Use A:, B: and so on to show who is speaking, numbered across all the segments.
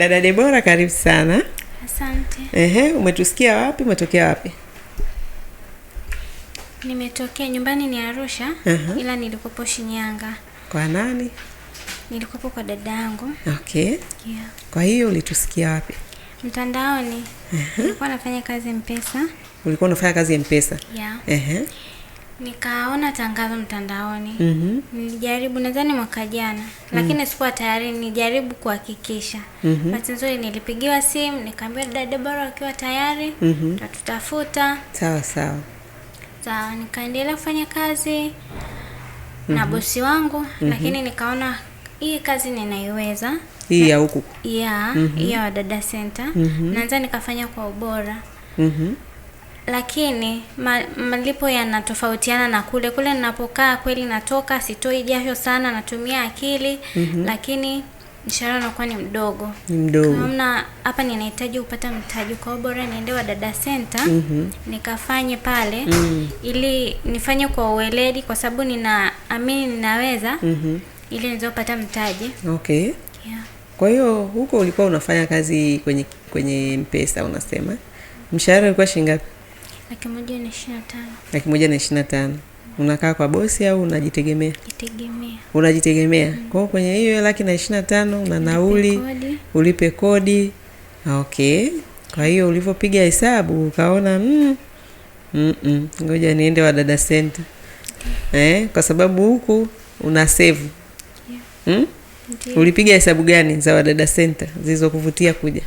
A: Dada Debora karibu sana. Asante. Ehe, umetusikia wapi? Umetokea wapi?
B: Nimetokea nyumbani ni Arusha, uh -huh. Ila nilikopo Shinyanga.
A: Kwa nani?
B: Nilikopo kwa dada yangu. Okay. Yeah.
A: Kwa hiyo ulitusikia wapi?
B: Mtandaoni. Uh -huh. Nilikuwa nafanya kazi Mpesa.
A: Ulikuwa unafanya kazi Mpesa? Yeah. Uh -huh
B: nikaona tangazo mtandaoni. mm -hmm. Nilijaribu nadhani mwaka jana, mhm. lakini mm -hmm. sikuwa tayari nijaribu kuhakikisha. mm -hmm. Bahati nzuri nilipigiwa simu nikaambiwa dada bora wakiwa tayari mm -hmm. tatutafuta.
A: Sawa sawa
B: sawa, nikaendelea kufanya kazi mm -hmm. na mhm. bosi wangu mm -hmm. lakini nikaona hii kazi ninaiweza hii ya huku mhm. ya mm -hmm. ya Wadada Center mm -hmm. naanza nikafanya kwa ubora mm -hmm lakini malipo yanatofautiana na kule kule ninapokaa, kweli natoka, sitoi jasho sana, natumia akili mm -hmm. lakini mshahara unakuwa ni mdogo
A: mdogona
B: hapa ninahitaji kupata mtaji, kwao bora niende dada Center
A: mm -hmm.
B: nikafanye pale mm -hmm. ili nifanye kwa uweledi, kwa sababu ninaamini ninaweza mm -hmm. ili nizopata mtaji. Okay, yeah.
A: Kwa hiyo huko ulikuwa unafanya kazi kwenye kwenye Mpesa, unasema mshahara ulikuwa shingapi laki moja na ishirini na tano. Unakaa kwa bosi au unajitegemea?
B: Jitegemea.
A: Unajitegemea. Mm. Kwa kwenye hiyo laki na ishirini na tano una nauli, ulipe kodi. Okay. Kwa hiyo ulivyopiga hesabu ukaona mm, mm -mm. Ngoja niende Wadada Center. Okay. Eh, kwa sababu huku una Yeah. Mm? Ulipiga hesabu gani za Wadada Center zilizokuvutia kuja?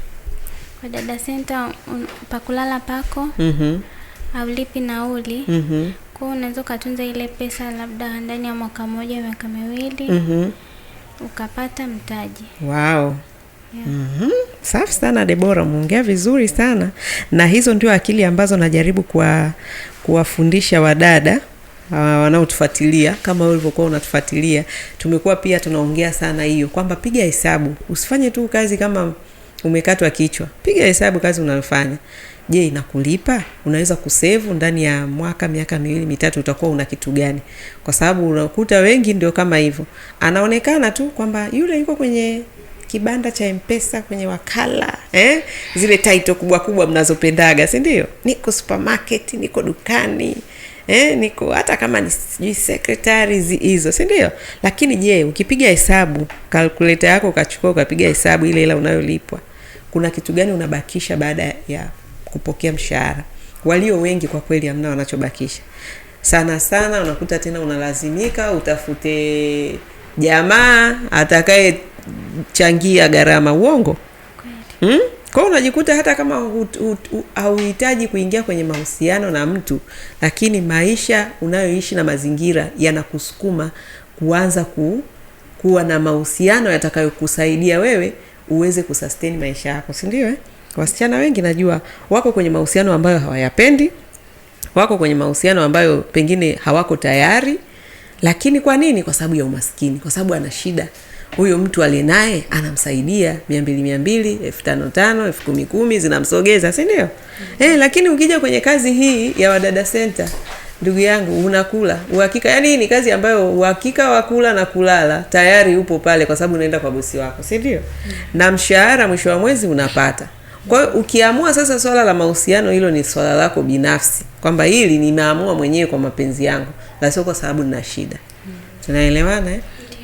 B: Wadada Center pakulala pako. mm-hmm haulipi nauli mm -hmm. Kwa hiyo unaweza ukatunza ile pesa labda ndani ya mwaka mmoja, miaka miwili
A: mm -hmm.
B: ukapata mtaji. Wow. Yeah. Mm -hmm.
A: Safi sana Debora, umeongea vizuri sana na hizo ndio akili ambazo najaribu kuwafundisha wadada Uh, wanaotufuatilia kama ulivyokuwa unatufuatilia, tumekuwa pia tunaongea sana hiyo kwamba piga hesabu, usifanye tu kazi kama umekatwa kichwa. Piga hesabu kazi unayofanya, je inakulipa unaweza kusevu ndani ya mwaka miaka miwili mitatu utakuwa una kitu gani kwa sababu unakuta wengi ndio kama hivyo anaonekana tu kwamba yule yuko kwenye kibanda cha mpesa kwenye wakala eh? zile taito kubwa kubwa mnazopendaga si ndio niko supermarket niko dukani eh? niko hata kama ni sijui secretaries hizo si ndio lakini je ukipiga hesabu calculator yako ukachukua ukapiga hesabu ile hela unayolipwa kuna kitu gani unabakisha baada ya kupokea mshahara. Walio wengi kwa kweli hamna wanachobakisha. Sana sana unakuta tena unalazimika utafute jamaa atakaye changia gharama. Uongo hmm? Kwa unajikuta hata kama hauhitaji kuingia kwenye mahusiano na mtu, lakini maisha unayoishi na mazingira yanakusukuma kuanza ku, kuwa na mahusiano yatakayokusaidia wewe uweze kusustain maisha yako, si ndio eh? Wasichana wengi najua wako kwenye mahusiano ambayo hawayapendi, wako kwenye mahusiano ambayo pengine hawako tayari. Lakini kwa nini? Kwa sababu ya umaskini, kwa sababu ana shida huyo mtu aliye naye anamsaidia mia mbili mia mbili elfu tano tano elfu kumi kumi zinamsogeza, sindio mm-hmm. Eh, lakini ukija kwenye kazi hii ya Wadada senta ndugu yangu, unakula uhakika. Yani hii ni kazi ambayo uhakika wa kula na kulala tayari upo pale, kwa sababu unaenda kwa bosi wako, si mm-hmm. Na mshahara mwisho wa mwezi unapata kwa hiyo ukiamua sasa swala la mahusiano, hilo ni swala lako binafsi, kwamba hili ninaamua mwenyewe kwa mapenzi yangu, la sio kwa sababu nina shida. Tunaelewana eh?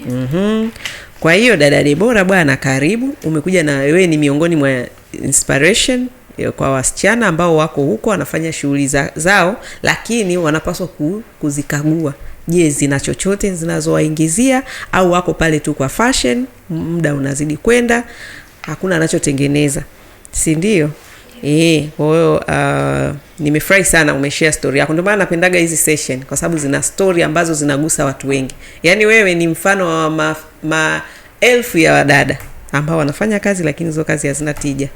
B: Mm-hmm.
A: Kwa hiyo dada Debora bwana, karibu. Umekuja na wewe ni miongoni mwa inspiration eh, kwa wasichana ambao wako huko wanafanya shughuli za, zao lakini wanapaswa ku, kuzikagua. Je, zina chochote zinazowaingizia au wako pale tu kwa fashion? Muda unazidi kwenda, hakuna anachotengeneza si ndio? Eh, kwa uh, nimefurahi sana umeshare story yako. Ndio maana napendaga hizi session kwa sababu zina story ambazo zinagusa watu wengi. Yaani wewe ni mfano wa ma, maelfu ya wadada ambao wanafanya kazi lakini hizo kazi hazina tija.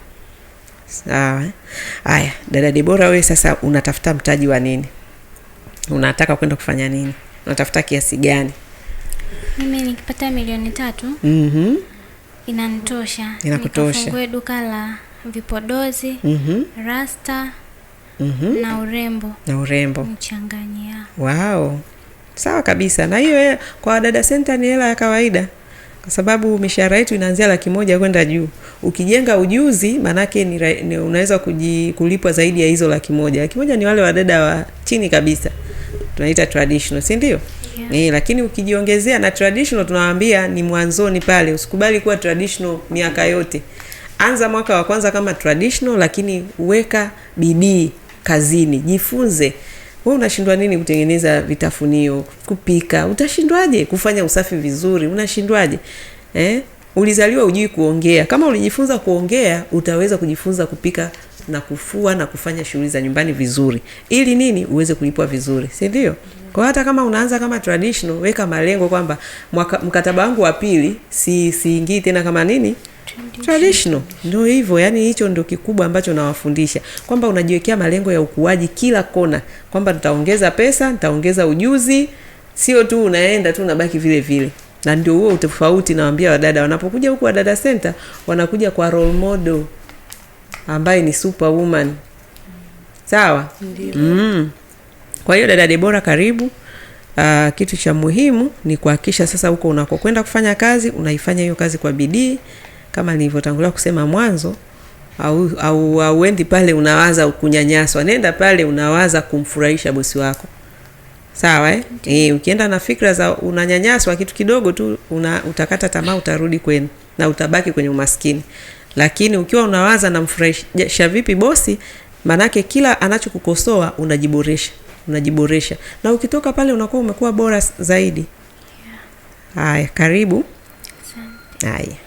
A: Sawa. Eh? Haya, dada Debora, wewe sasa unatafuta mtaji wa nini? Unataka kwenda kufanya nini? Unatafuta kiasi gani?
B: Mimi nikipata milioni tatu. Mhm. Mm inanitosha.
A: Inakutosha.
B: duka la vipodozi mm -hmm. rasta mm -hmm. na urembo na urembo mchanganyia.
A: wao sawa kabisa. Na hiyo kwa dada senta ni hela ya kawaida kwa sababu mishahara yetu inaanzia laki moja kwenda juu. Ukijenga ujuzi, maanake ni, ni unaweza kuji, kulipwa zaidi ya hizo laki moja. Laki moja ni wale wadada wa chini kabisa tunaita traditional, si ndio? Yeah. e, lakini ukijiongezea na traditional tunawaambia ni mwanzoni pale, usikubali kuwa traditional miaka yote anza mwaka wa kwanza kama traditional, lakini weka bidii kazini, jifunze. We unashindwa nini kutengeneza vitafunio, kupika? Utashindwaje kufanya usafi vizuri? Unashindwaje eh? Ulizaliwa ujui kuongea? Kama ulijifunza kuongea, utaweza kujifunza kupika na kufua na kufanya shughuli za nyumbani vizuri, ili nini? Uweze kulipwa vizuri, si ndio? Kwa hata kama unaanza kama traditional, weka malengo kwamba mkataba wangu wa pili siingii si tena kama nini traditional. Ndio hivyo, yani hicho ndio kikubwa ambacho nawafundisha kwamba unajiwekea malengo ya ukuaji kila kona, kwamba nitaongeza pesa, nitaongeza ujuzi, sio tu unaenda tu unabaki vile vile na ndio huo utofauti nawambia wadada wanapokuja huku Wadada Center wanakuja kwa role model ambaye ni superwoman. Sawa? Mm. Kwa hiyo dada Debora, karibu. Uh, kitu cha muhimu ni kuhakikisha sasa huko unakokwenda kufanya kazi unaifanya hiyo kazi kwa bidii kama nilivyotangulia kusema mwanzo au, auendi au pale unawaza kunyanyaswa, nenda pale unawaza kumfurahisha bosi wako, sawa eh? E, ukienda na fikra za unanyanyaswa kitu kidogo tu una, utakata tamaa, utarudi kwenu na utabaki kwenye umaskini. Lakini ukiwa unawaza namfurahisha vipi bosi, manake kila anachokukosoa unajiboresha, unajiboresha na ukitoka pale unakuwa umekuwa bora zaidi. Haya, karibu. Haya.